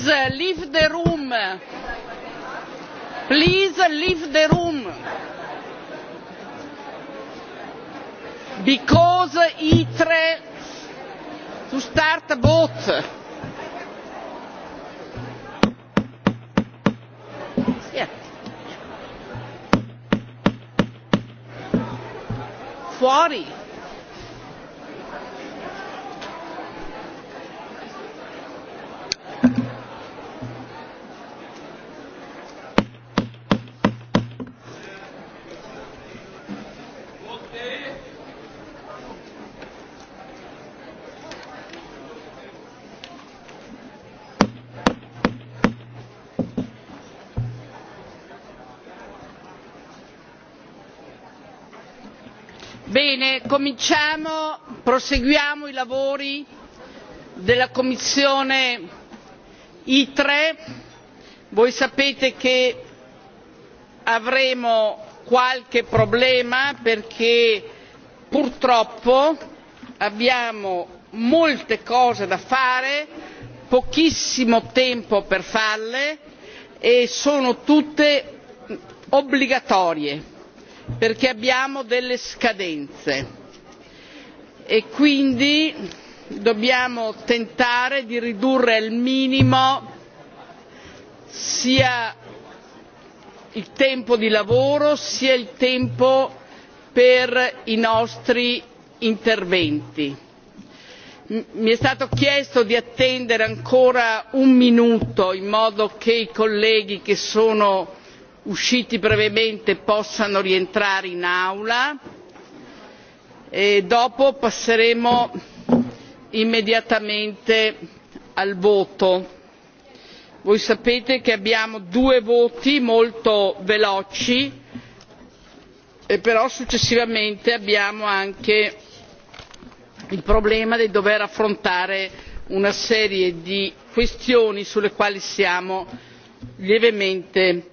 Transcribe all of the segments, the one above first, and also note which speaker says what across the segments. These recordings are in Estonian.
Speaker 1: please uh, leave the room. Please uh, leave the room. Because uh, ITRE to start a vote. Yeah. Fuori. Bene, cominciamo, proseguiamo i lavori della Commissione ITRE. Voi sapete che avremo qualche problema perché purtroppo abbiamo molte cose da fare, pochissimo tempo per farle e sono tutte obbligatorie perché abbiamo delle scadenze e quindi dobbiamo tentare di ridurre al minimo sia il tempo di lavoro sia il tempo per i nostri interventi. mi è stato chiesto di attendere ancora un minuto in modo che i colleghi che sono usciti brevemente possano rientrare in aula e dopo passeremo immediatamente al voto. voi sapete che abbiamo due voti molto veloci e però successivamente abbiamo anche il problema di dover affrontare una serie di questioni sulle quali siamo lievemente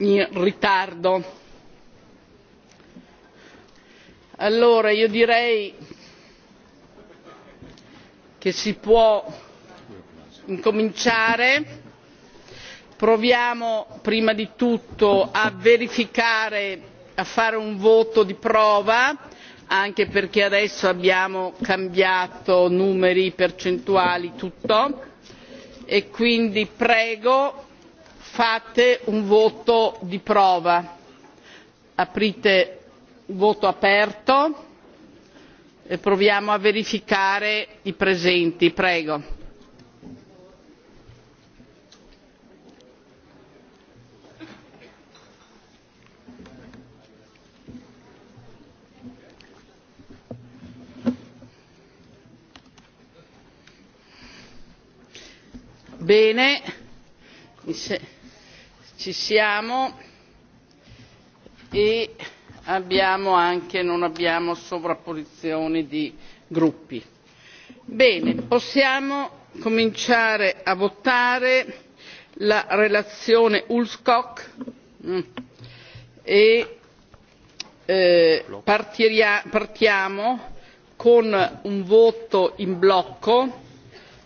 Speaker 1: in ritardo. allora io direi che si può incominciare proviamo prima di tutto a verificare a fare un voto di prova anche perché adesso abbiamo cambiato numeri percentuali tutto e quindi prego fate un voto di prova aprite voto aperto e proviamo a verificare i presenti prego. bene ci siamo e abbiamo anche, non abbiamo sovrapposizioni di gruppi. Bene, possiamo cominciare a votare la relazione Ulskog mm, e eh, partiamo con un voto in blocco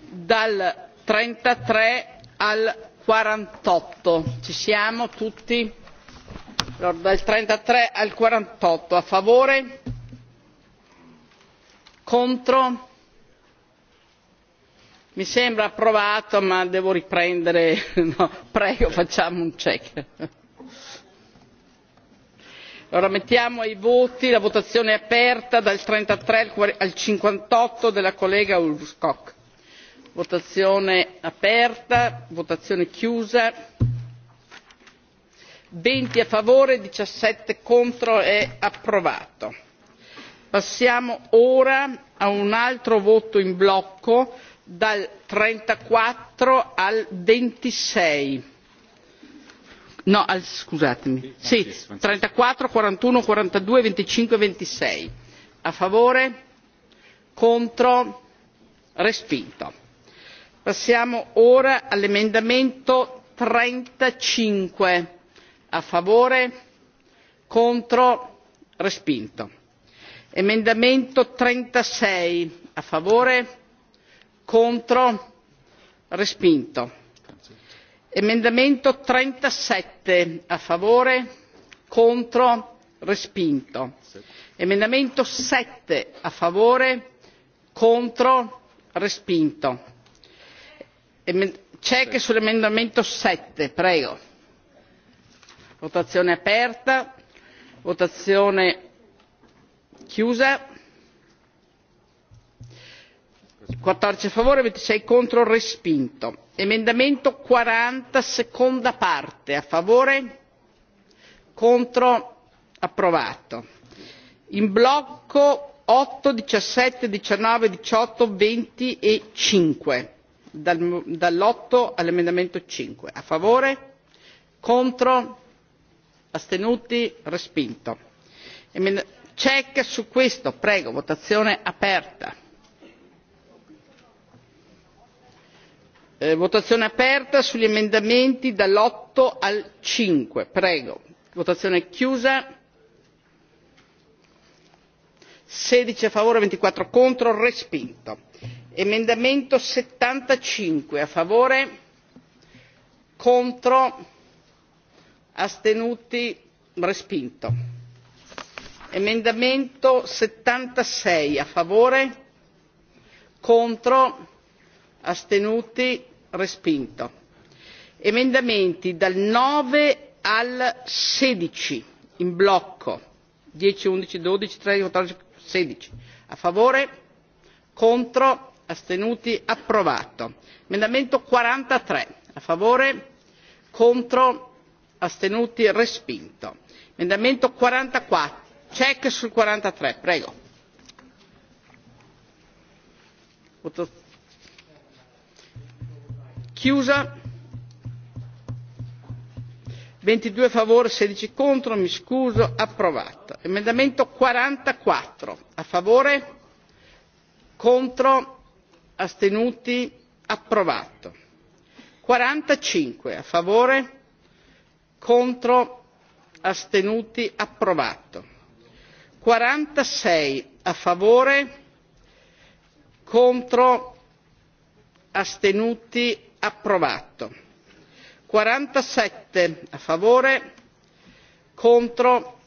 Speaker 1: dal trentatré al quarantotto ci siamo tutti? dal trentatré al quarantotto a favore? contro? mi sembra approvato ma devo riprendere no, prego facciamo un check. allora mettiamo ai voti la votazione è aperta dal trentatré al cinquantotto della collega ulvskog votazione aperta votazione chiusa venti a favore diciassette contro è approvato. passiamo ora a un altro voto in blocco dal trentaquattro al ventisei no al, scusatemi sì trentaquattro quarantuno quarantadue venticinque ventisei a favore contro respinto passiamo ora all'emendamento trentacinque a favore contro respinto emendamento trentasei a favore contro respinto emendamento trentasette a favore contro respinto emendamento sette a favore contro respinto check sull'emendamento sette prego votazione aperta votazione chiusa quattordici a favore ventisei contro respinto. emendamento quaranta seconda parte a favore contro approvato. in blocco otto diciassette diciannove diciotto venti e cinque dal, dall'otto all'emendamento cinque a favore contro astenuti respinto Emenda check su questo prego votazione aperta eh, votazione aperta sugli emendamenti dall'otto al cinque prego votazione chiusa sedici a favore ventiquattro contro respinto emendamento settantacinque a favore contro astenuti respinto emendamento settantasei a favore contro astenuti respinto emendamenti dal nove al sedici in blocco dieci undici dodici tredici quattordici sedici a favore contro astenuti approvato emendamento quarantatré a favore contro astenuti respinto emendamento quarantaquattro check sul quarantatré prego chiusa ventidue a favore sedici contro mi scuso approvato emendamento quarantaquattro a favore contro astenuti approvato quarantacinque a favore contro astenuti approvato quarantasei a favore contro astenuti approvato quarantasette a favore contro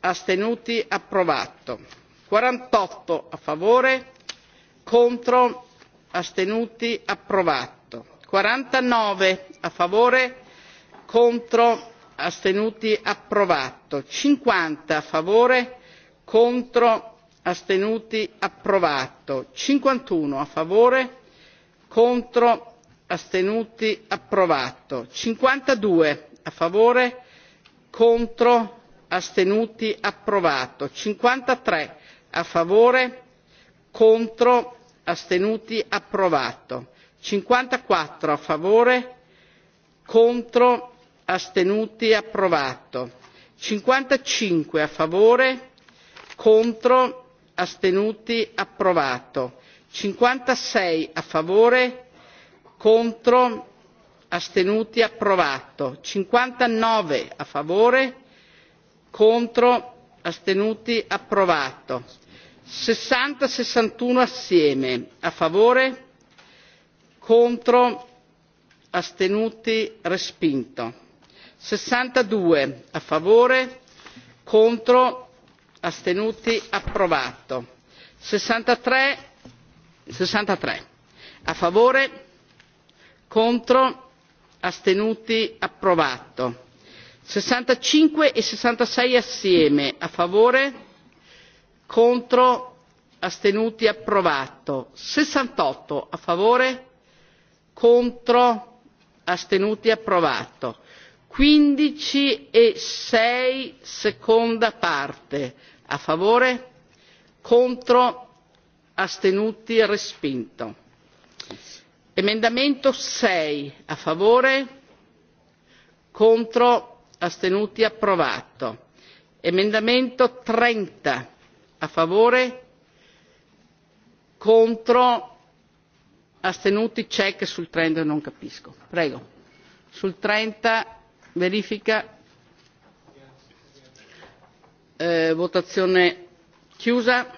Speaker 1: astenuti approvato quarantotto a favore contro astenuti approvato quarantanove a favore contro astenuti approvato cinquanta a favore contro astenuti approvato cinquantuno a favore contro astenuti approvato cinquantadue a favore contro astenuti approvato cinquantatré a favore contro astenuti approvato cinquantaquattro a favore contro astenuti approvato cinquantacinque a favore contro astenuti approvato cinquantasei a favore contro astenuti approvato cinquantanove a favore contro astenuti approvato sessanta sessantuno assieme a favore contro astenuti respinto sessantadue a favore contro astenuti approvato sessantatré sessantatré a favore contro astenuti approvato sessantacinque e sessantasei assieme a favore contro astenuti approvato sessantotto a favore contro astenuti approvato quindici e sei seconda parte a favore contro astenuti respinto emendamento sei a favore contro astenuti approvato emendamento trenta a favore contro astenuti check sul trenta non capisco prego sul trenta verifica eh, votazione chiusa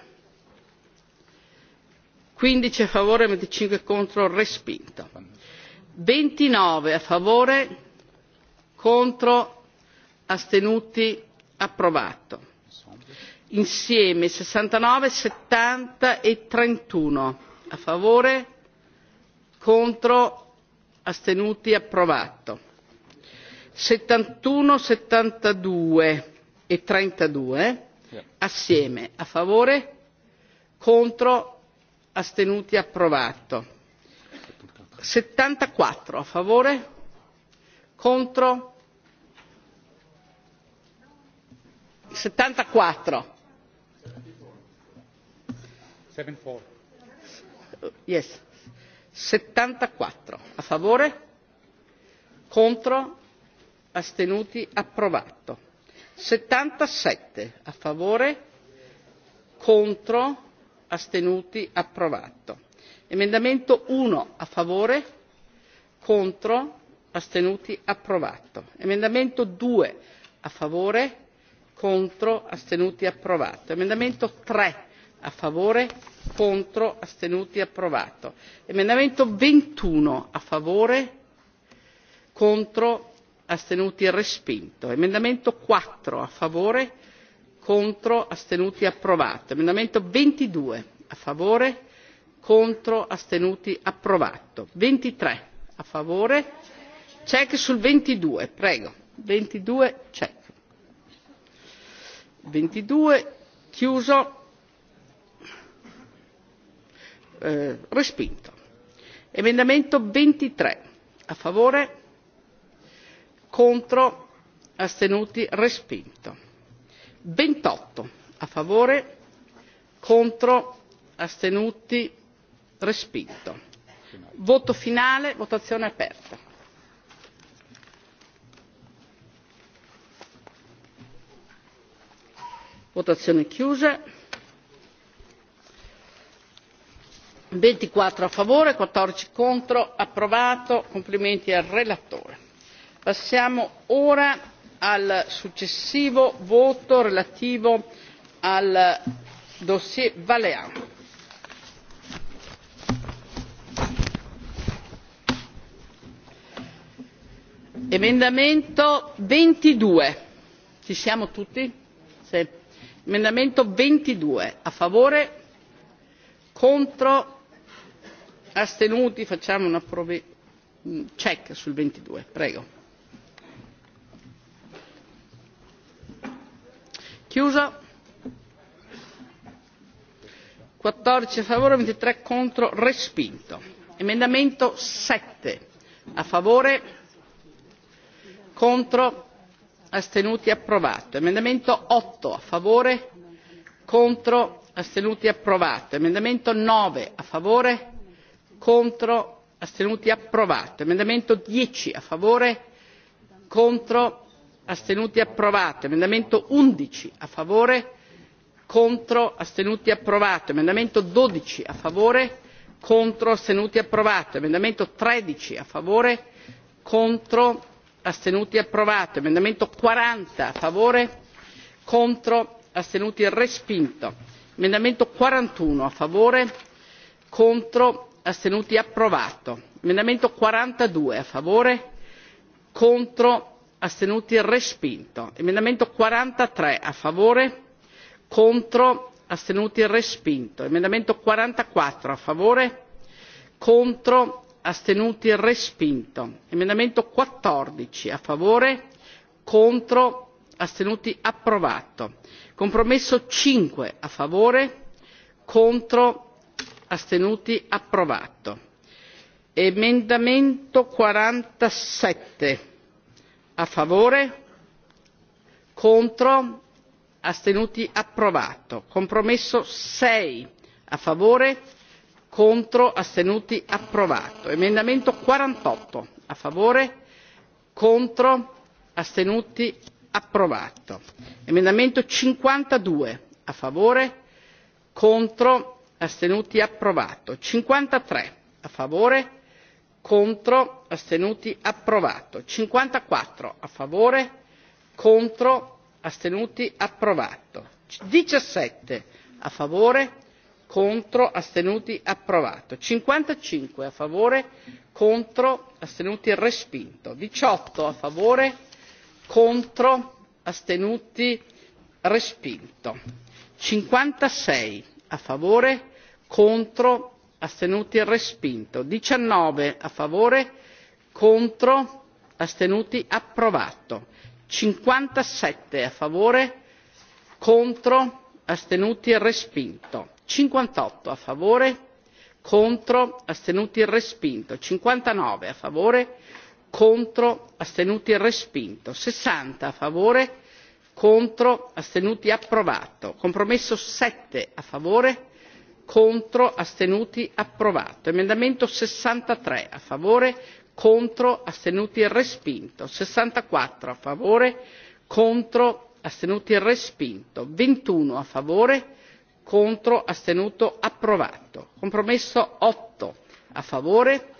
Speaker 1: quindici a favore venticinque contro respinto ventinove a favore contro astenuti approvato insieme sessantanove settanta e trentuno a favore contro astenuti approvato settantuno settantadue e trentadue assieme a favore contro astenuti approvato settantaquattro a favore contro settantaquattro yes. 74 a favore contro astenuti approvato 77 a favore contro astenuti approvato emendamento 1 a favore contro astenuti approvato emendamento 2 a favore contro astenuti approvato emendamento 3 a favore contro astenuti approvato emendamento ventiuno a favore contro astenuti respinto emendamento quattro a favore contro astenuti approvato emendamento ventidue a favore contro astenuti approvato ventitré a favore check sul ventidue prego ventidue check ventidue chiuso eh, respinto emendamento ventitré a favore contro astenuti respinto ventotto a favore contro astenuti respinto voto finale votazione aperta votazione chiusa ventiquattro a favore quattordici contro approvato complimenti al relatore. passiamo ora al successivo voto relativo al dossier vlean. emendamento ventidue ci siamo tutti? emendamento ventidue a favore contro astenuti facciamo una check sul ventidue prego chiuso quattordici a favore ventitré contro respinto emendamento sette a favore contro astenuti approvato emendamento otto a favore contro astenuti approvato emendamento nove a favore contro astenuti approvato emendamento dieci a favore contro astenuti approvato emendamento undici a favore contro astenuti approvato emendamento dodici a favore contro astenuti approvato emendamento tredici a favore contro astenuti approvato emendamento quaranta a favore contro astenuti respinto emendamento quarantuno a favore contro astenuti approvato emendamento quarantadue a favore contro astenuti respinto emendamento quarantatré a favore contro astenuti respinto emendamento quarantaquattro a favore contro astenuti respinto emendamento quattordici a favore contro astenuti approvato compromesso cinque a favore contro astenuti approvato emendamento quarantasette a favore contro astenuti approvato compromesso sei a favore contro astenuti approvato emendamento quarantotto a favore contro astenuti approvato emendamento cinquantadue a favore contro astenuti approvato cinquantatré a favore contro astenuti approvato cinquantaquattro a favore contro astenuti approvato diciassette a favore contro astenuti approvato cinquantacinque a favore contro astenuti respinto diciotto a favore contro astenuti respinto cinquantasei a favore contro astenuti e respinto diciannove a favore contro astenuti approvato cinquantasette a favore contro astenuti e respinto cinquantotto a favore contro astenuti e respinto cinquantanove a favore contro astenuti respinto sessanta a favore contro astenuti approvato compromesso sette a favore contro astenuti approvato emendamento sessantatré a favore contro astenuti respinto sessantaquattro a favore contro astenuti respinto ventiuno a favore contro astenuto approvato compromesso otto a favore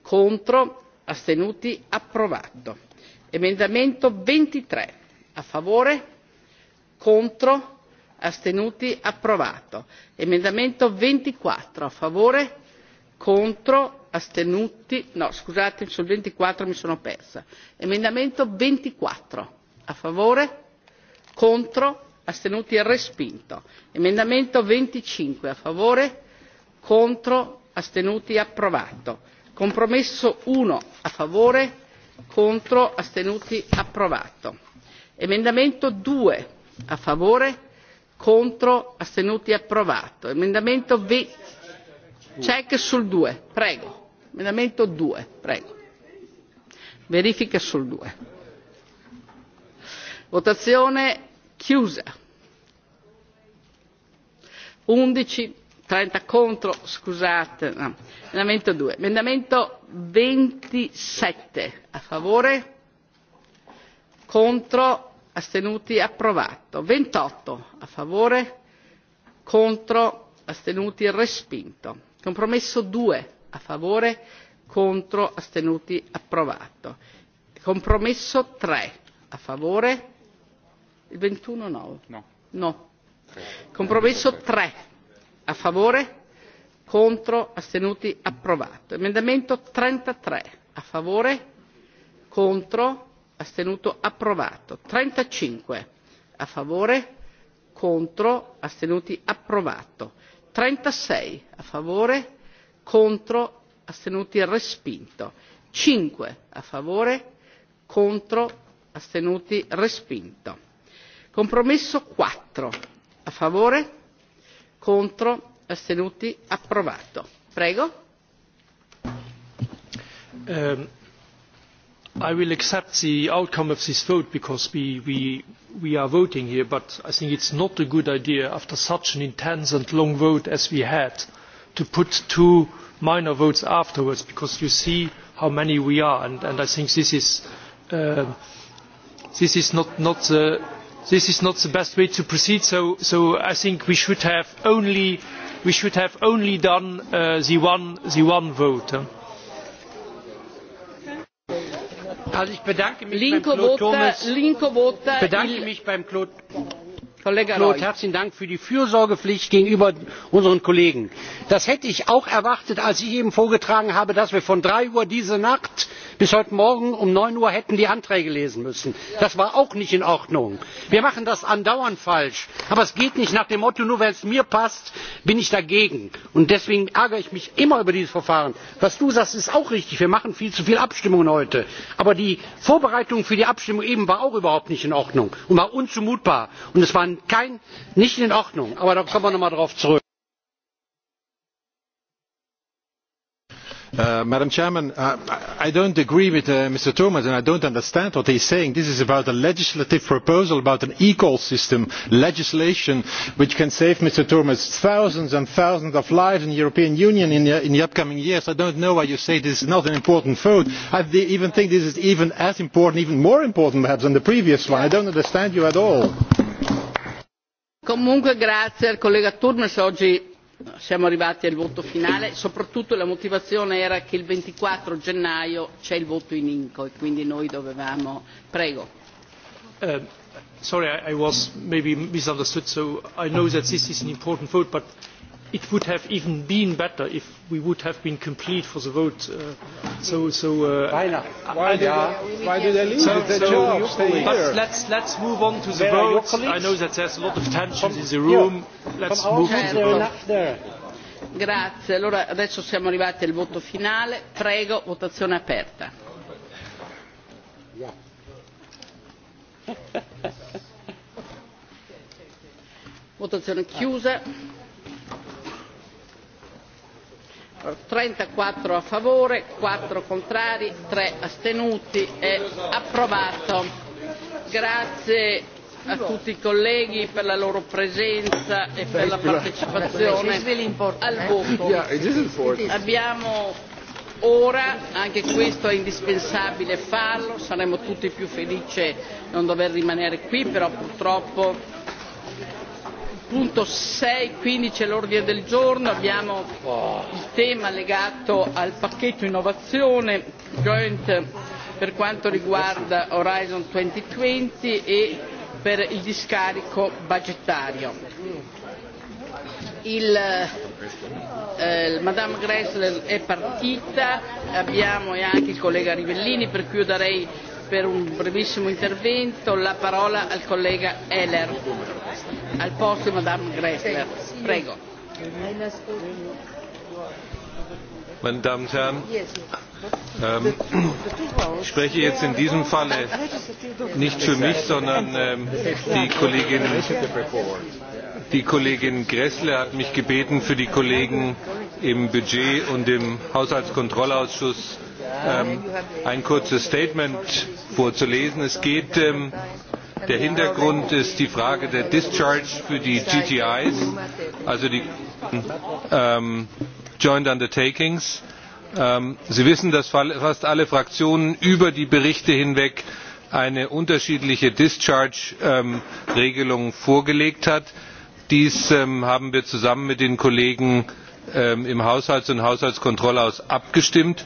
Speaker 1: contro astenuti approvato emendamento ventitré a favore contro astenuti approvato emendamento ventiquattro a favore contro astenuti no scusate sul ventiquattro mi sono persa emendamento ventiquattro a favore contro astenuti respinto emendamento venticinque a favore contro astenuti approvato compromesso uno a favore contro astenuti approvato emendamento due a favore contro astenuti approvato emendamento v check sul due prego emendamento due prego verifica sul due votazione chiusa undici trenta contro scusate no. emendamento due emendamento ventisette a favore contro astenuti approvato ventotto a favore contro astenuti respinto compromesso due a favore contro astenuti approvato compromesso tre a favore il ventiuno no no, no. compromesso tre a favore contro astenuti approvato emendamento trentatré a favore contro astenuto approvato trentacinque a favore contro astenuti approvato trentasei a favore contro astenuti respinto cinque a favore contro astenuti respinto compromesso quattro a favore contro astenuti approvato prego
Speaker 2: um, I will accept the outcome of this vote because we, we, we are voting here, but I think it's not a good idea after such an intense and long vote as we had to put two minor votes afterwards because you see how many we are and, and I think this is, uh, this, is not, not the, this is not the best way to proceed so, so I think we should have only, we should have only done uh, the, one, the one vote. Huh? Eh?
Speaker 3: Also ich bedanke mich Linko beim
Speaker 1: Claude Turmes. Linko vota bedanke il... mich
Speaker 4: beim Claude. Kollege Claude, herzlichen Dank für die Fürsorgepflicht gegenüber unseren Kollegen. Das hätte ich auch erwartet, als ich eben vorgetragen habe, dass wir von drei Uhr diese Nacht bis heute morgen um neun uhr hätten die anträge lesen müssen. das war auch nicht in ordnung. wir machen das andauernd falsch aber es geht nicht nach dem motto nur weil es mir passt bin ich dagegen. und deswegen ärgere ich mich immer über dieses verfahren. was du sagst ist auch richtig wir machen viel zu viele abstimmungen heute. aber die vorbereitung für die abstimmung eben war auch überhaupt nicht in ordnung und war unzumutbar und es war nicht in ordnung aber da kommen wir noch einmal darauf zurück.
Speaker 2: Uh, madam president uh, i do not agree with uh, mr turmes and i do not understand what he is saying. this is about a legislative proposal about an ecall system legislation which can save mr turmes thousands and thousands of lives in the european union in the, in the upcoming years. i do not know why you say this is not an important vote. i even think this is even as important even more important perhaps than the previous one. i do not understand you at all.
Speaker 1: comunque grazie al collega turmes oggi siamo arrivati al voto finale soprattutto la motivazione era che il ventiquattro gennaio c'è il voto in inco e quindi noi dovevamo prego
Speaker 2: eh, sorry i was maybe misunderstood so i know that this is an important vote but it would have even been better if we would have been complete for the vote. Uh, so, so uh, why not? Why, I, they, are, why do they leave? So, the so job, stay but here. let's let's move on to the Where vote. I know that there's a lot of tensions from, in the room.
Speaker 1: Yeah, let's from move on to the vote. Grazie, allora adesso siamo arrivati al voto finale. Prego, votazione aperta. Votazione chiusa trentaquattro a favore quattro contrari tre astenuti è approvato. grazie a tutti i colleghi per la loro presenza e per la partecipazione al eh. voto. abbiamo ora anche questo è indispensabile farlo saremmo tutti più felici di non dover rimanere qui però purtroppo punto 6.15 l'ordine del giorno, abbiamo il tema legato al pacchetto innovazione joint per quanto riguarda Horizon 2020 e per il discarico budgetario. Il, eh, Madame Gressler è partita, abbiamo e anche il collega Rivellini per cui io darei per un brevissimo intervento la parola al collega Heller, al posto di Madame Gressler. Prego.
Speaker 5: Meine Damen und Herren, ähm, ich spreche jetzt in diesem Falle nicht für mich, sondern ähm, die Kollegin die kollegin gräßle hat mich gebeten für die kollegen im budget und im haushaltskontrollausschuss ähm, ein kurzes Statement vorzulesen. Es geht, ähm, der Hintergrund ist die Frage der Discharge für die GTIs, also die ähm, Joint Undertakings. Ähm, Sie wissen, dass fast alle Fraktionen über die Berichte hinweg eine unterschiedliche Discharge ähm, Regelung vorgelegt hat. Dies ähm, haben wir zusammen mit den Kollegen ähm, im Haushalts- und Haushaltskontrollausschuss abgestimmt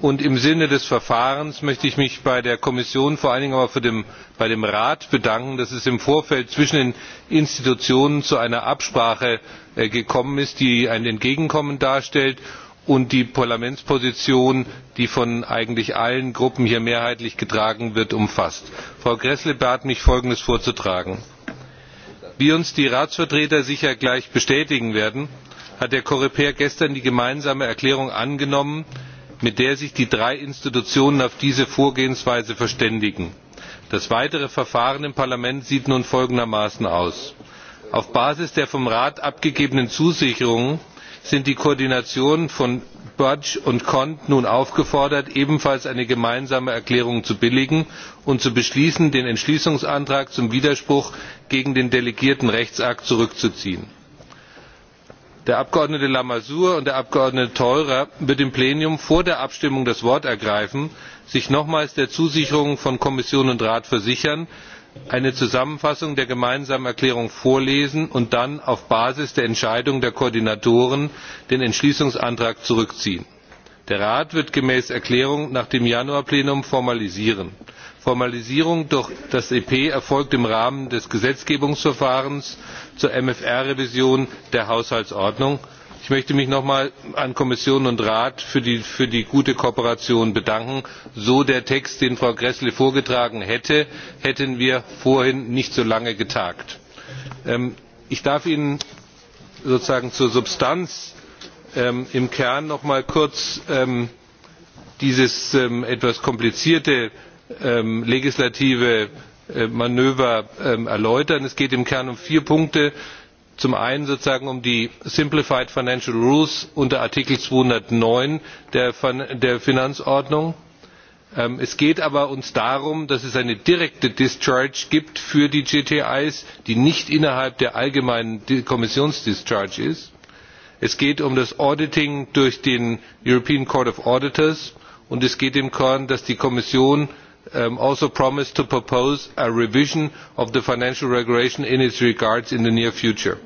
Speaker 5: und im sinne des verfahrens möchte ich mich bei der kommission vor allen dingen aber auch bei dem rat bedanken dass es im vorfeld zwischen den institutionen zu einer absprache äh, gekommen ist die ein entgegenkommen darstellt und die parlamentsposition die von eigentlich allen gruppen hier mehrheitlich getragen wird umfasst. frau gräßle bat mich folgendes vorzutragen wie uns die ratsvertreter sicher gleich bestätigen werden hat der coreper gestern die gemeinsame erklärung angenommen mit der sich die drei institutionen auf diese vorgehensweise verständigen. das weitere verfahren im parlament sieht nun folgendermaßen aus auf basis der vom rat abgegebenen zusicherungen sind die koordinatoren von budg und cont nun aufgefordert ebenfalls eine gemeinsame erklärung zu billigen und zu beschließen den entschließungsantrag zum widerspruch gegen den delegierten rechtsakt zurückzuziehen der abgeordnete lamassoure und der abgeordnete theurer wird im plenum vor der abstimmung das wort ergreifen sich nochmals der zusicherung von kommission und rat versichern eine zusammenfassung der gemeinsamen erklärung vorlesen und dann auf basis der entscheidung der koordinatoren den entschließungsantrag zurückziehen. der rat wird gemäß erklärung nach dem januar plenum formalisieren formalisierung durch das ep erfolgt im rahmen des gesetzgebungsverfahrens zur mfr revision der haushaltsordnung. ich möchte mich nochmals bei kommission und rat für die gute kooperation bedanken. so der text den frau gräßle vorgetragen hätte hätten wir vorhin nicht so lange getagt. Ähm, ich darf ihnen sozusagen zur substanz ähm, im kern noch einmal kurz ähm, dieses etwas komplizierte ähm, legislative äh, manöver ähm, erläutern. es geht im kern um vier punkte zum einen sozusagen um die simplified financial rules unter artikel zweihundertneun der, fin der finanzordnung. Ähm, es geht aber uns darum dass es eine direkte discharge gibt für die gtis die nicht innerhalb der allgemeinen kommissionsdischarge ist. es geht um das auditing durch den european court of auditors und es geht im kern dass die kommission um, also promised to propose a revision of the financial regulation in its regards in the near future.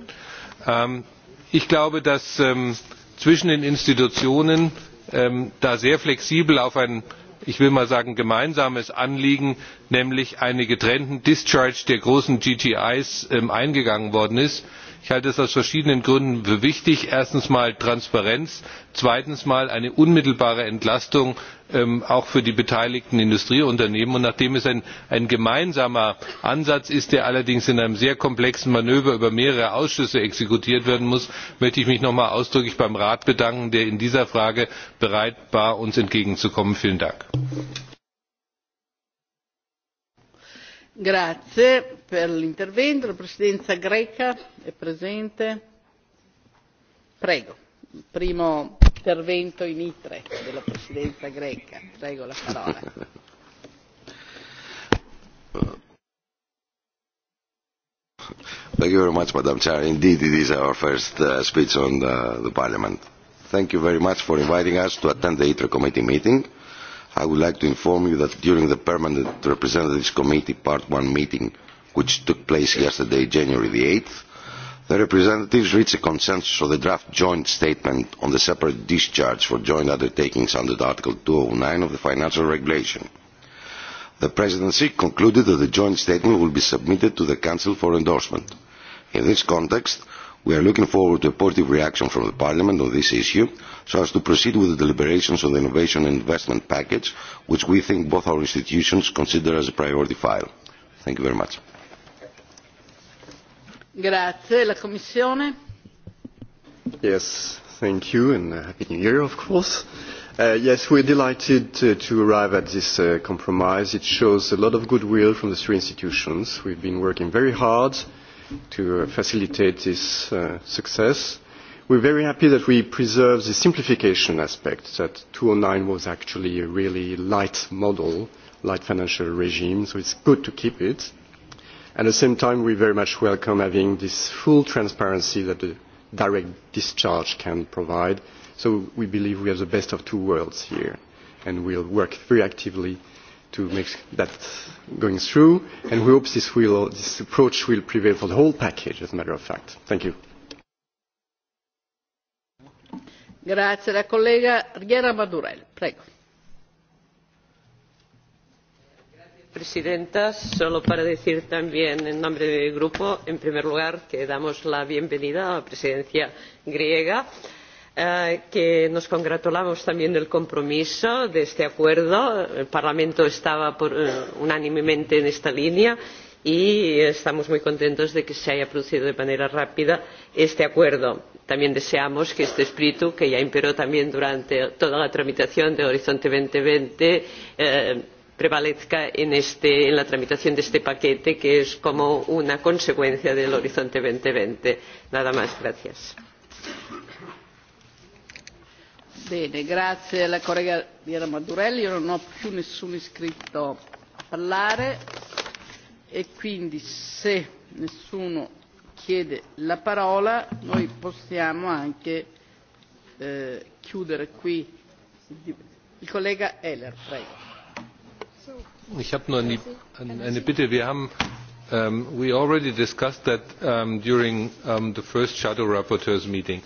Speaker 5: Ähm, ich glaube, dass ähm, zwischen den Institutionen ähm, da sehr flexibel auf ein ich will mal sagen gemeinsames anliegen nämlich eine getrennte discharge der großen gtis ähm, eingegangen worden ist. ich halte das aus verschiedenen gründen für wichtig erstens mal transparenz zweitens mal eine unmittelbare entlastung Ähm, auch für die beteiligten industrieunternehmen und nachdem es ein gemeinsamer ansatz ist der allerdings in einem sehr komplexen manöver über mehrere ausschüsse exekutiert werden muss möchte ich mich noch einmal ausdrücklich beim rat bedanken der in dieser frage bereit war uns entgegenzukommen. vielen dank!
Speaker 1: intervento in itre della presidenza greca. Prego la parola.
Speaker 4: Thank you very much, Madam Chair. Indeed, it is our first uh, speech on the, the Parliament. Thank you very much for inviting us to attend the ITRE committee meeting. I would like to inform you that during the Permanent Representatives Committee Part 1 meeting, which took place yesterday, January the 8th, The representatives reached a consensus on the draft joint statement on the separate discharge for joint undertakings under Article 209 of the Financial Regulation. The Presidency concluded that the joint statement will be submitted to the Council for endorsement. In this context, we are looking forward to a positive reaction from the Parliament on this issue so as to proceed with the deliberations on the Innovation and Investment Package, which we think both our institutions consider as a priority file. Thank you very much.
Speaker 1: Grazie. La Commissione?
Speaker 4: Yes, thank you, and uh, Happy New Year, of course. Uh, yes, we're delighted to, to arrive at this uh, compromise. It shows a lot of goodwill from the three institutions. We've been working very hard to uh, facilitate this uh, success. We're very happy that we preserve the simplification aspect, that 209 was actually a really light model, light financial regime, so it's good to keep it At the same time, we very much welcome having this full transparency that the direct discharge can provide. So we believe we have the best of two worlds here, and we'll work very actively to make that going through, and we hope this, will, this approach will prevail for the whole package, as a matter of fact. Thank you.
Speaker 1: Grazie, la collega Riera Madurell, prego.
Speaker 6: presidenta solo para decir también en nombre de mi grupo en primer lugar que damos la bienvenida a la presidencia griega eh, que nos congratulamos también del compromiso de este acuerdo el parlamento estaba eh, unánimemente en esta línea y estamos muy contentos de que se haya producido de manera rápida este acuerdo. también deseamos que este espíritu que ya imperó también durante toda la tramitación de horizonte dos mil veinte eh, prevalezca en, este, en la tramitación de este paquete que es como una consecuencia del horizonte. dos mil veinte nada más. gracias.
Speaker 1: Bene, grazie alla collega Diana Madurelli. Io non ho più nessuno iscritto a parlare e quindi se nessuno chiede la parola noi possiamo anche eh, chiudere qui il collega Heller. Prego
Speaker 5: ich habe nur eine bitte wir haben um, we already discussed that um, during um, the first shadow rapporteurs meeting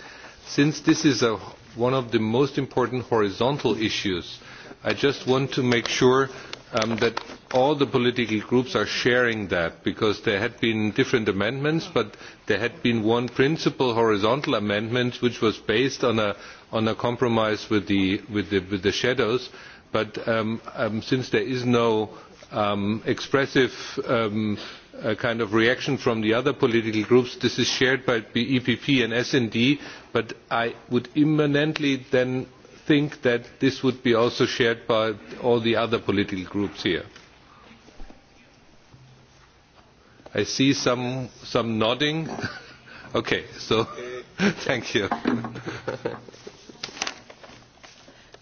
Speaker 5: since this is a, one of the most important horizontal issues i just want to make sure um, that all the political groups are sharing that because there had been different amendments but there had been one principal horizontal amendment which was based on a, on a compromise with the, with the, with the shadows and but um, um, since there is no um, expressive a uh, kind of reaction from the other political groups. This is shared by the EPP and S&D, but I would imminently then think that this would be also shared by all the other political groups here. I see some, some nodding. okay, so thank you.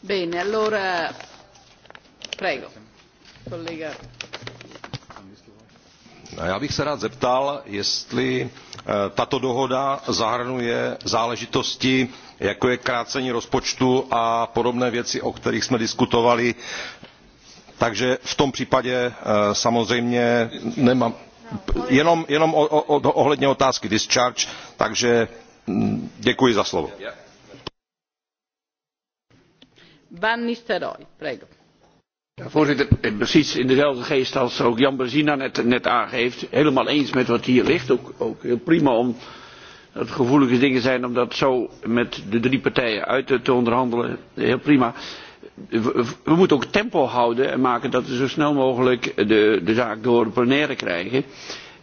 Speaker 1: Bene, allora
Speaker 2: já bych se rád zeptal jestli eh, tato dohoda zahrnuje záležitosti jako je krácení rozpočtu a podobné věci o kterých jsme diskutovali takže v tom případě eh, samozřejmě nemám jenom, jenom o, o, ohledně otázky discharge takže
Speaker 3: hm, děkuji za slovo.
Speaker 1: Van Nistelrooy, prego
Speaker 3: Ja, voorzitter, eh, precies in dezelfde geest als ook Jan Berzina net, net aangeeft. Helemaal eens met wat hier ligt. Ook, ook heel prima om dat het gevoelige dingen zijn om dat zo met de drie partijen uit te onderhandelen. Heel prima. We, we moeten ook tempo houden en maken dat we zo snel mogelijk de, de zaak door de plenaire krijgen.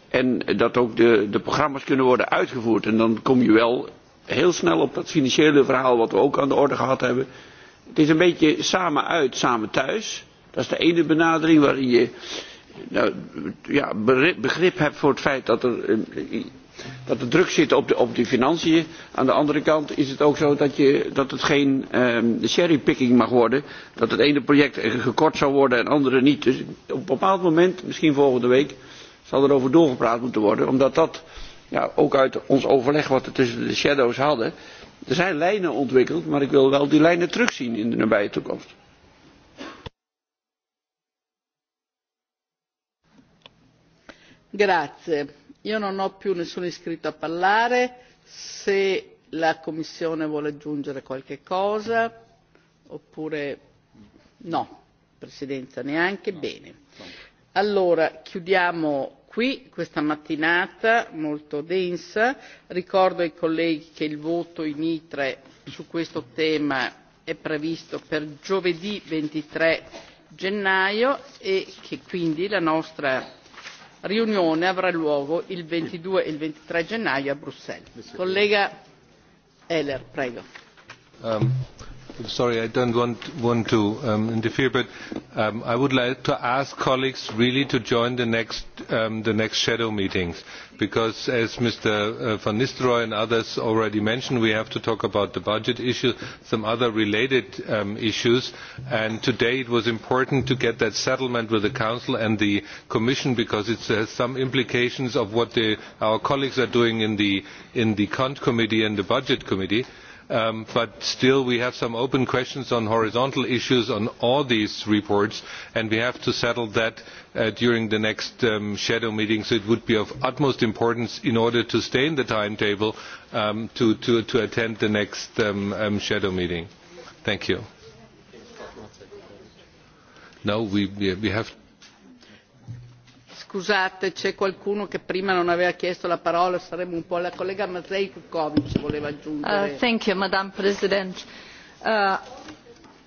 Speaker 3: En dat ook de, de programma's kunnen worden uitgevoerd. En dan kom je wel heel snel op dat financiële verhaal wat we ook aan de orde gehad hebben. Het is een beetje samen uit, samen thuis. Dat is de ene benadering waarin je nou, ja, begrip hebt voor het feit dat er, eh, dat er druk zit op de, op de financiën. Aan de andere kant is het ook zo dat, je, dat het geen um, cherrypicking mag worden. Dat het ene project gekort zou worden en andere niet. Dus op een bepaald moment, misschien volgende week, zal er over doorgepraat moeten worden. Omdat dat, ja, ook uit ons overleg wat we tussen de shadows hadden, er zijn lijnen ontwikkeld, maar ik wil wel die lijnen terugzien in de nabije toekomst.
Speaker 1: grazie io non ho più nessuno iscritto a parlare se la commissione vuole aggiungere qualche cosa oppure no presidenza neanche bene allora chiudiamo qui questa mattinata molto densa ricordo ai colleghi che il voto in itre su questo tema è previsto per giovedì ventitré gennaio e che quindi la nostra riunione avrà luogo il ventidue e il ventitré gennaio a bruxelles. collega ehler prego.
Speaker 5: Um, sorry, I don't want, want to um, interfere, but um, I would like to ask colleagues really to join the next, um, the next shadow meetings, because as Mr. Uh, Van Nistelrooy and others already mentioned, we have to talk about the budget issue, some other related um, issues, and today it was important to get that settlement with the Council and the Commission, because it has some implications of what the, our colleagues are doing in the, in the Cont Committee and the Budget Committee. Uh, Um, but still we have some open questions on horizontal issues on all these reports and we have to settle that uh, during the next um, shadow meeting so it would be of utmost importance in order to stay in the timetable um, to, to, to attend the next um, um, shadow meeting. Thank you. No, we, we have
Speaker 1: scusate c'è qualcuno che prima non aveva chiesto la parola saremo un po' la collega mazej kukovic voleva aggiungere. Uh, thank
Speaker 7: you madam president uh,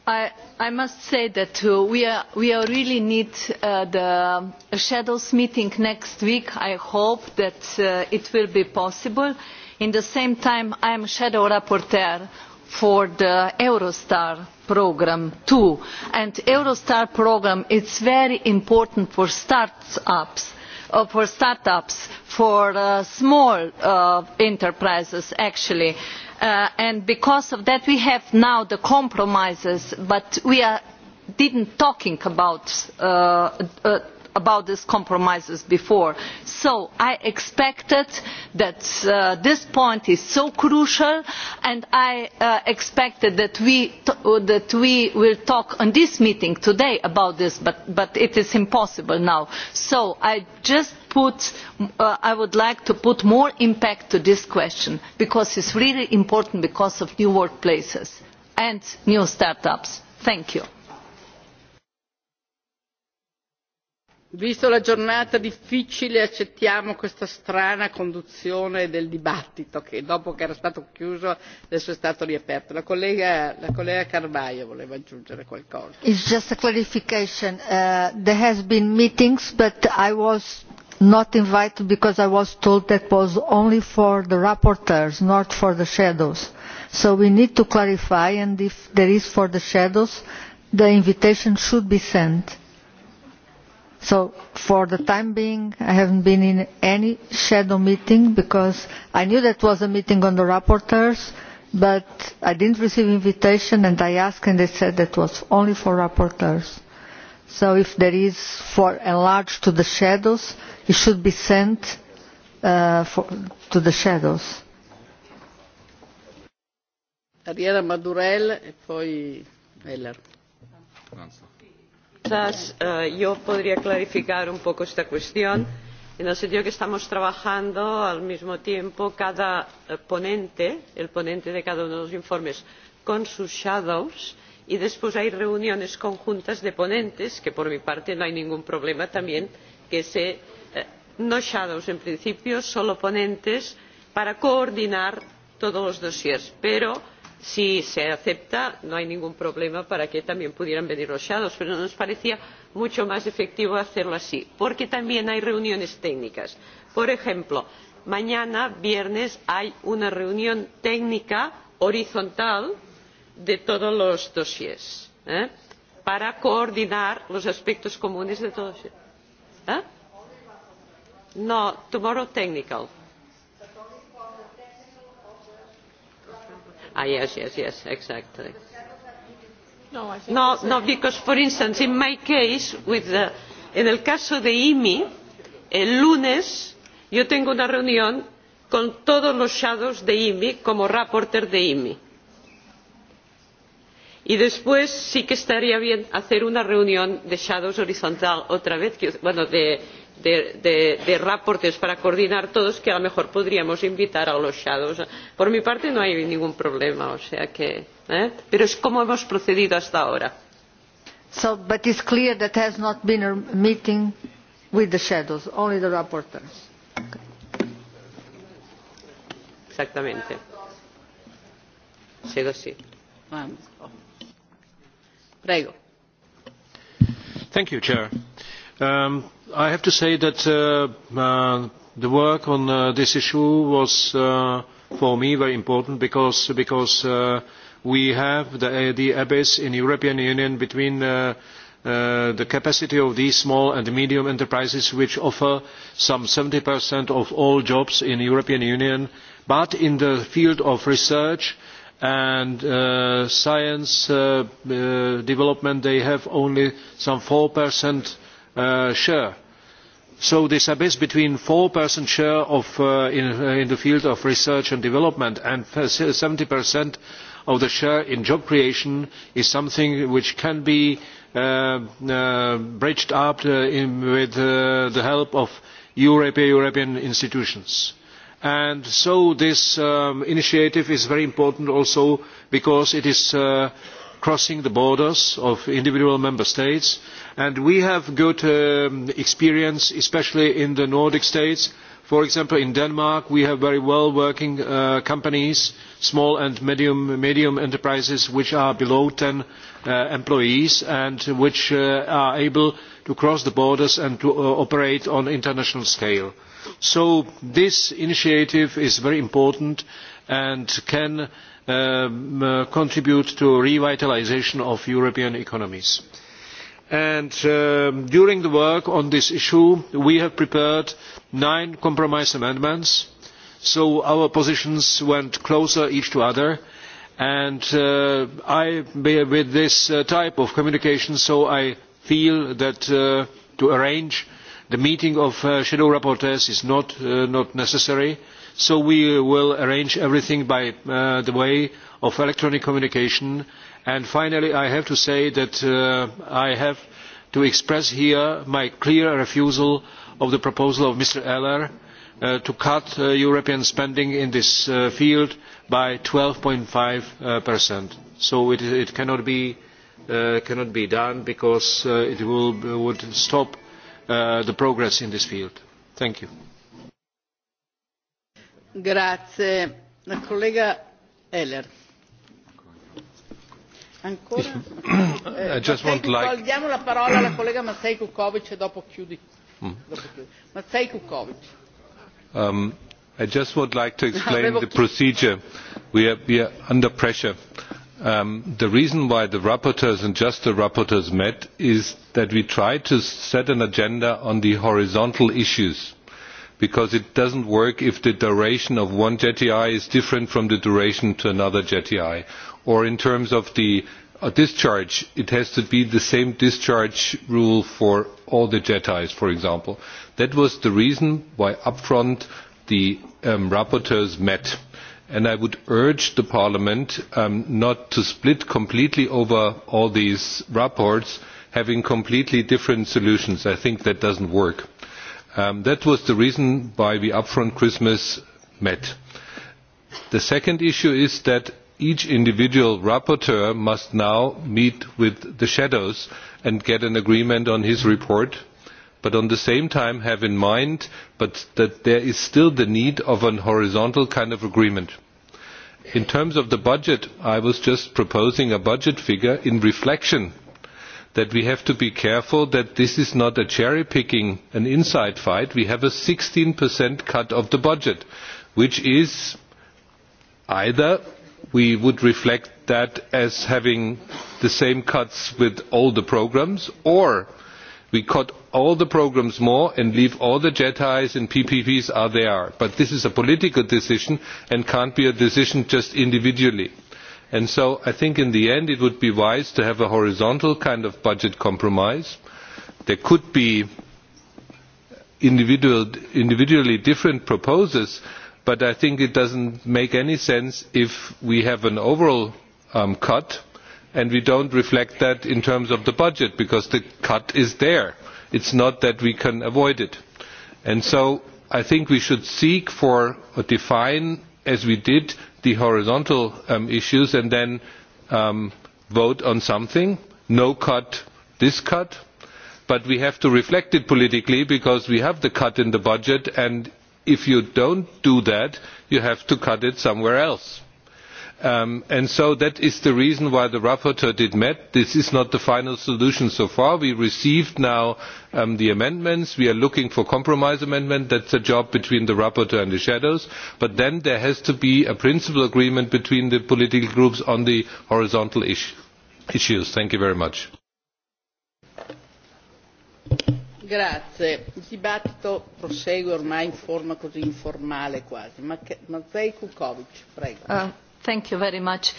Speaker 7: I, i must say that uh, we, are, we are really need uh, the shadows meeting next week i hope that uh, it will be possible in the same time i am shadow rapporteur for the eurostar programme too and the eurostar programme is very important for start ups uh, for start ups for uh, small uh, enterprises actually uh, and because of that we have now the compromises but we are, didn't talking about uh, uh, about these compromises before so i expected that uh, this point is so crucial and i uh, expected that we, that we will talk in this meeting today about this but, but it is impossible now so i just put, uh, i would like to put more impact to this question because it is really important because of new workplaces and new start ups. thank you.
Speaker 1: vista la giornata difficile accettiamo questa strana conduzione del dibattito che dopo che era stato chiuso adesso è stato riaperto. la collega carvalho voleva aggiungere qualcosa.
Speaker 8: it's just a clarification. Uh, there has been meetings but i was not invited because i was told that was only for the rapporteurs not for the shadows. so we need to clarify and if there is for the shadows the invitation should be sent So for the time being, I haven't been in any shadow meeting because I knew that was a meeting on the rapporteurs, but I didn't receive invitation and I asked and they said that was only for rapporteurs. So if there is for enlarged to the shadows, it should be sent uh, for, to the shadows.
Speaker 6: Riera Madurell e poi Heller. Grazie. Quizás uh, eh, yo podría clarificar un poco esta cuestión en el sentido que estamos trabajando al mismo tiempo cada eh, ponente, el ponente de cada uno de los informes, con sus shadows y después hay reuniones conjuntas de ponentes, que por mi parte no hay ningún problema también que se eh, no shadows en principio, solo ponentes para coordinar todos los dossiers. Pero si se acepta no hay ningún problema para que también pudieran venir los ponentes alternativos pero nos parecía mucho más efectivo hacerlo así porque también hay reuniones técnicas. por ejemplo mañana viernes hay una reunión técnica horizontal de todos los dossiers ¿eh? para coordinar los aspectos comunes de todos ellos. ¿Eh? No, tomorrow technical Ah, yes, yes, yes, exactly. No, I think no, no, because, for instance, in my case, with the, en el caso de IMI, el lunes yo tengo una reunión con todos los shadows de IMI como reporter de IMI. Y después sí que estaría bien hacer una reunión de shadows horizontal otra vez, que, bueno, de, de, de, de reportes para coordinar todos que a lo mejor podríamos invitar a los shadows. Por mi parte no hay ningún problema, o sea que. ¿eh? Pero es como hemos procedido hasta ahora.
Speaker 8: So, but it's clear that has not been a meeting with the shadows, only the rapporteurs. Okay.
Speaker 6: Exactamente.
Speaker 1: Sigo así. Prego.
Speaker 2: Thank you, Chair. Um, I have to say that uh, uh, the work on uh, this issue was, uh, for me, very important because, because uh, we have the, uh, the abyss in the European Union between uh, uh, the capacity of these small and medium enterprises which offer some 70% of all jobs in the European Union, but in the field of research and uh, science uh, uh, development they have only some 4% uh, share. So this abyss between 4% share of, uh, in, uh, in the field of research and development and 70% of the share in job creation is something which can be uh, uh, bridged up uh, in, with uh, the help of Europe, European institutions. And so this um, initiative is very important also because it is uh, crossing the borders of individual member states and we have good um, experience especially in the nordic states for example in denmark we have very well working uh, companies small and medium, medium enterprises which are below ten uh, employees and which uh, are able to cross the borders and to uh, operate on an international scale. so this initiative is very important and can um, uh, contribute to revitalisation of European economies. And, um, during the work on this issue, we have prepared nine compromise amendments, so our positions went closer each to other, and uh, I, with this uh, type of communication, so I feel that uh, to arrange the meeting of uh, shadow rapporteurs is not, uh, not necessary. Uh, so we will arrange everything by uh, the way of electronic communication. And finally, I have to say that uh, I have to express here my clear refusal of the proposal of Mr. Eller uh, to cut uh, European spending in this uh, field by 12.5%. Uh, percent. so it, it cannot, be, uh, cannot be done because uh, it will, would stop uh, the progress in this field. Thank you
Speaker 1: grazie collega ehler ancora diamo eh, la parola alla collega matej kukovi e dopo chiudi mm. matej kukovi
Speaker 5: um, i just would like to explain the procedure we are, we are under pressure um, the reason why the rapporteurs and just the rapporteurs met is that we try to set an agenda on the horizontal issues because it does not work if the duration of one jti is different from the duration to another jti or in terms of the uh, discharge it has to be the same discharge rule for all the jetis for example. that was the reason why upfront the um, rapporteurs met and i would urge parliament um, not to split completely over all these reports having completely different solutions. i think that does not work. Um, that was the reason why we upfront Christmas met. The second issue is that each individual rapporteur must now meet with the shadows and get an agreement on his report but at the same time have in mind that there is still the need of a horizontal kind of agreement. in terms of the budget i was just proposing a budget figure in reflection that we have to be careful that this is not a cherry picking, an inside fight. We have a 16% cut of the budget, which is either we would reflect that as having the same cuts with all the programmes or we cut all the programmes more and leave all the JETIs and PPPs as they are. But this is a political decision and can't be a decision just individually. And so i think in the end it would be wise to have a horizontal kind of budget compromise. there could be individual, individually different proposals but i think it does not make any sense if we have an overall um, cut and we do not reflect that in terms of the budget because the cut is there. it is not that we can avoid it. And so i think we should seek for or define as we did the horizontal um, issues and then um, vote on something. No cut, this cut. But we have to reflect it politically because we have the cut in the budget and if you don't do that, you have to cut it somewhere else Um, and so that is the reason why the rapporteur did met. This is not the final solution so far. We received now um, the amendments. We are looking for compromise amendment. That's a job between the rapporteur and the shadows. But then there has to be a principal agreement between the political groups on the horizontal is issues. Thank you very much.
Speaker 1: Grazie. Il dibattito prosegue ormai in forma così informale quasi. Ma, Matvei Kukovic, prego. Uh
Speaker 7: Thank you very much.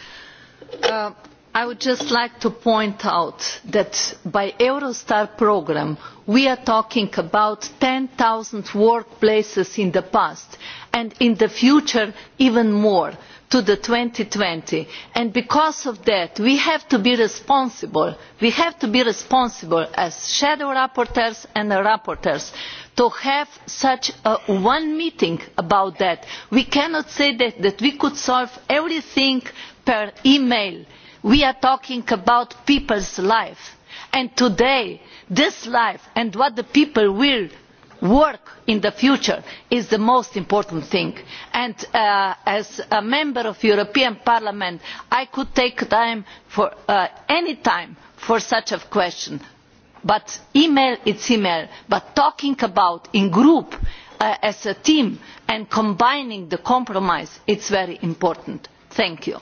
Speaker 7: Uh, I would just like to point out that by Eurostar program, we are talking about 10,000 workplaces in the past and in the future even more to the 2020 and because of that we have to be responsible we have to be responsible as shadow rapporteurs and rapporteurs to have such a one meeting about that we cannot say that, that we could solve everything per email we are talking about people's lives and today this life and what the people will work in the future is the most important thing and uh, as a member of the european parliament i could take time for, uh, any time for such a question but email is email but talking about in group uh, as a team and combining the compromise is very important. thank you.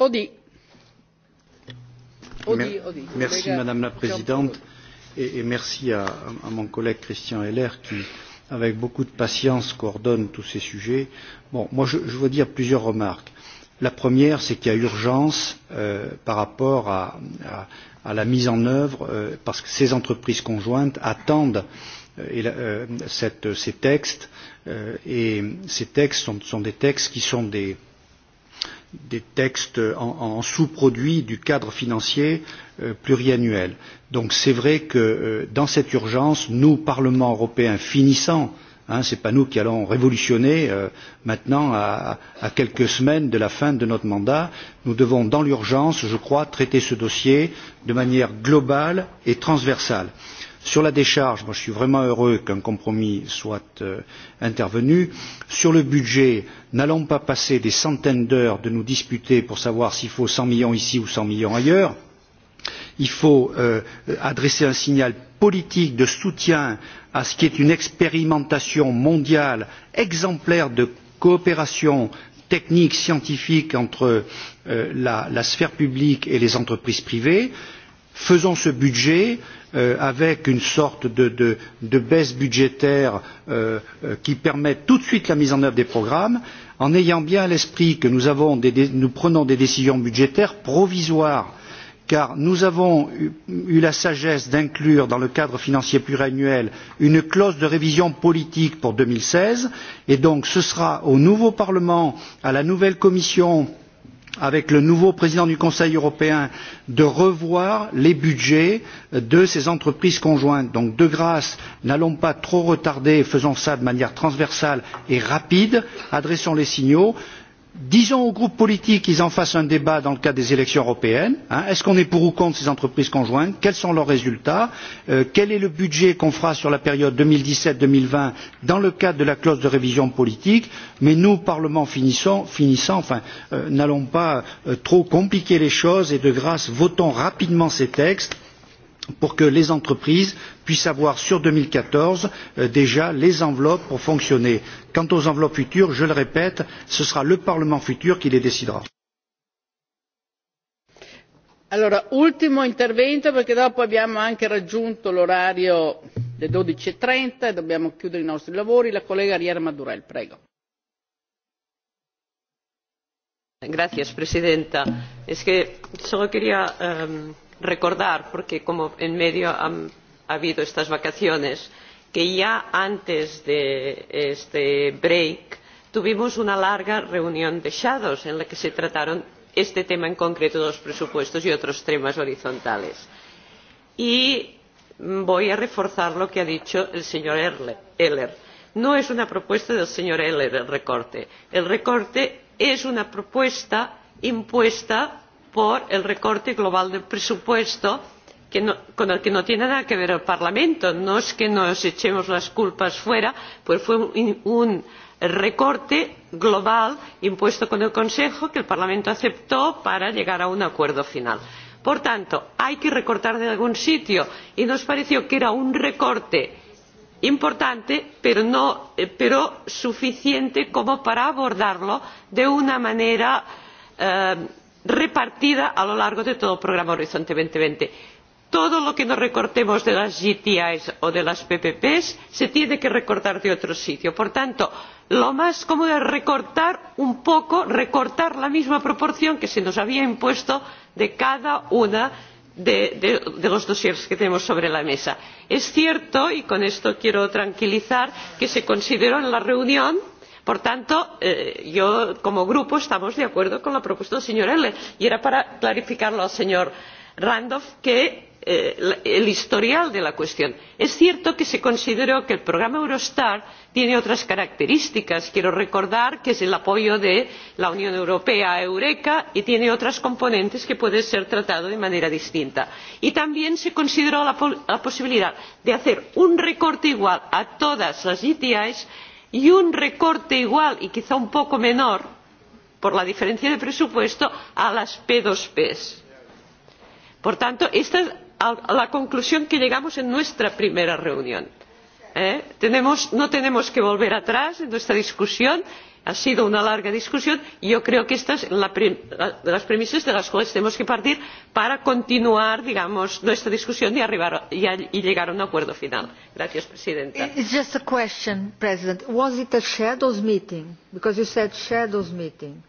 Speaker 7: Audi.
Speaker 4: Audi, Audi. Merci, madame la présidente et, et merci à, à mon collègue Christian Heller qui, avec beaucoup de patience, coordonne tous ces sujets. Bon, moi, je, je veux dire plusieurs remarques. La première, c'est qu'il y a urgence euh, par rapport à, à, à la mise en œuvre, euh, parce que ces entreprises conjointes attendent euh, et, euh, cette, ces textes, euh, et ces textes sont, sont des textes qui sont des, euh, des textes en, en sous-produits du cadre financier euh, pluriannuel. Donc c'est vrai que euh, dans cette urgence, nous, Parlement européen, finissant, hein, ce n'est pas nous qui allons révolutionner euh, maintenant à, à quelques semaines de la fin de notre mandat, nous devons dans l'urgence, je crois, traiter ce dossier de manière globale et transversale. Euh, Sur la décharge, moi, je suis vraiment heureux qu'un compromis soit euh, intervenu. Sur le budget, n'allons pas passer des centaines d'heures de nous disputer pour savoir s'il faut 100 millions ici ou 100 millions ailleurs. Il faut euh, adresser un signal politique de soutien à ce qui est une expérimentation mondiale exemplaire de coopération technique scientifique entre euh, la, la sphère publique et les entreprises privées. Faisons ce budget euh, euh, avec une sorte de, de, de baisse budgétaire euh, euh, qui permette tout de suite la mise en œuvre des programmes, en ayant bien à l'esprit que nous, avons des, des, nous prenons des décisions budgétaires provisoires car nous avons eu la sagesse d'inclure dans le cadre financier pluriannuel une clause de révision politique pour deux mille seize et donc ce sera au nouveau parlement à la nouvelle commission et avec le nouveau président du Conseil européen de revoir les budgets de ces entreprises conjointes. Donc, de grâce, n'allons pas trop retarder, faisons ça de manière transversale et rapide, adressons les signaux disons aux groupes politiques qu'ils en fassent un débat dans le cadre des élections européennes est ce qu'on est pour ou contre ces entreprises conjointes quels sont leurs résultats euh, quel est le budget qu'on fera sur la période deux mille dix sept deux mille vingt dans le cadre de la clause de révision politique mais nous parlement finissant euh, n'allons pas euh, trop compliquer les choses et de grâce votons rapidement ces textes pour que les entreprises puissent avoir sur deux mille quatorze euh, déjà les enveloppes pour fonctionner. quant aux enveloppes futures je le répète ce sera le parlement futur qui les décidera.
Speaker 1: Allora, ultimo intervento perché dopo abbiamo anche raggiunto l'orario delle dodici e trenta e dobbiamo chiudere i nostri lavori. La collega Riera Madurell, prego.
Speaker 6: Gracias, Presidenta. Es que solo quería um, recordar porque como en medio han, ha habido estas vacaciones que ya antes de este break tuvimos una larga reunión de ponentes en la que se trataron este tema en concreto de los presupuestos y otros temas horizontales. Y voy a reforzar lo que ha dicho el señor ehler. no es una propuesta del señor ehler el recorte. el recorte es una propuesta impuesta por el recorte global del presupuesto que no, con el que no tiene nada que ver el parlamento no es que nos echemos las culpas fuera pues fue un, un recorte global impuesto con el consejo que el parlamento aceptó para llegar a un acuerdo final. por tanto hay que recortar de algún sitio y nos pareció que era un recorte importante pero, no, eh, pero suficiente como para abordarlo de una manera eh, repartida a lo largo de todo el programa horizonte. dos mil veinte todo lo que nos recortemos de las jti o de las ppp se tiene que recortar de otro sitio. por tanto lo más cómodo es recortar un poco recortar la misma proporción que se nos había impuesto de cada uno de, de, de los dosieres que tenemos sobre la mesa. es cierto y con esto quiero tranquilizar que se consideró en la reunión por tanto eh, yo como grupo estamos de acuerdo con la propuesta del señor ehler y era para clarificarlo al señor randolph que eh, el historial de la cuestión. es cierto que se consideró que el programa eurostar tiene otras características quiero recordar que es el apoyo de la unión europea a eureka y tiene otras componentes que pueden ser tratadas de manera distinta y también se consideró la, la posibilidad de hacer un recorte igual a todas las itis y un recorte igual y quizá un poco menor por la diferencia de presupuesto a las p dos p. por tanto esta es la conclusión a que llegamos en nuestra primera reunión. ¿Eh? Tenemos, no tenemos que volver atrás en nuestra discusión y ha sido una larga discusión y yo creo que estas son la la, las premisas de las cuales tenemos que partir para continuar digamos, nuestra discusión y, arribar, y, a, y llegar a un acuerdo final. gracias presidenta.
Speaker 8: it's just a question president was it a shadows meeting because you said shadows meeting?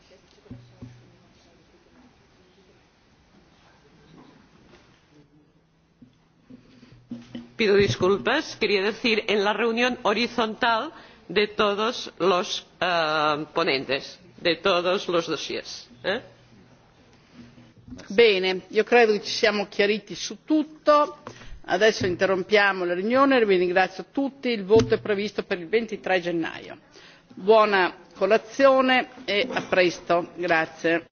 Speaker 6: pido disculpas quería decir en la reunión horizontal de todos los eh, ponentes de todos los dossiers. Eh?
Speaker 1: bene io credo che ci siamo chiariti su tutto adesso interrompiamo la riunione vi ringrazio tutti il voto è previsto per il ventitré gennaio. buona colazione e a presto grazie.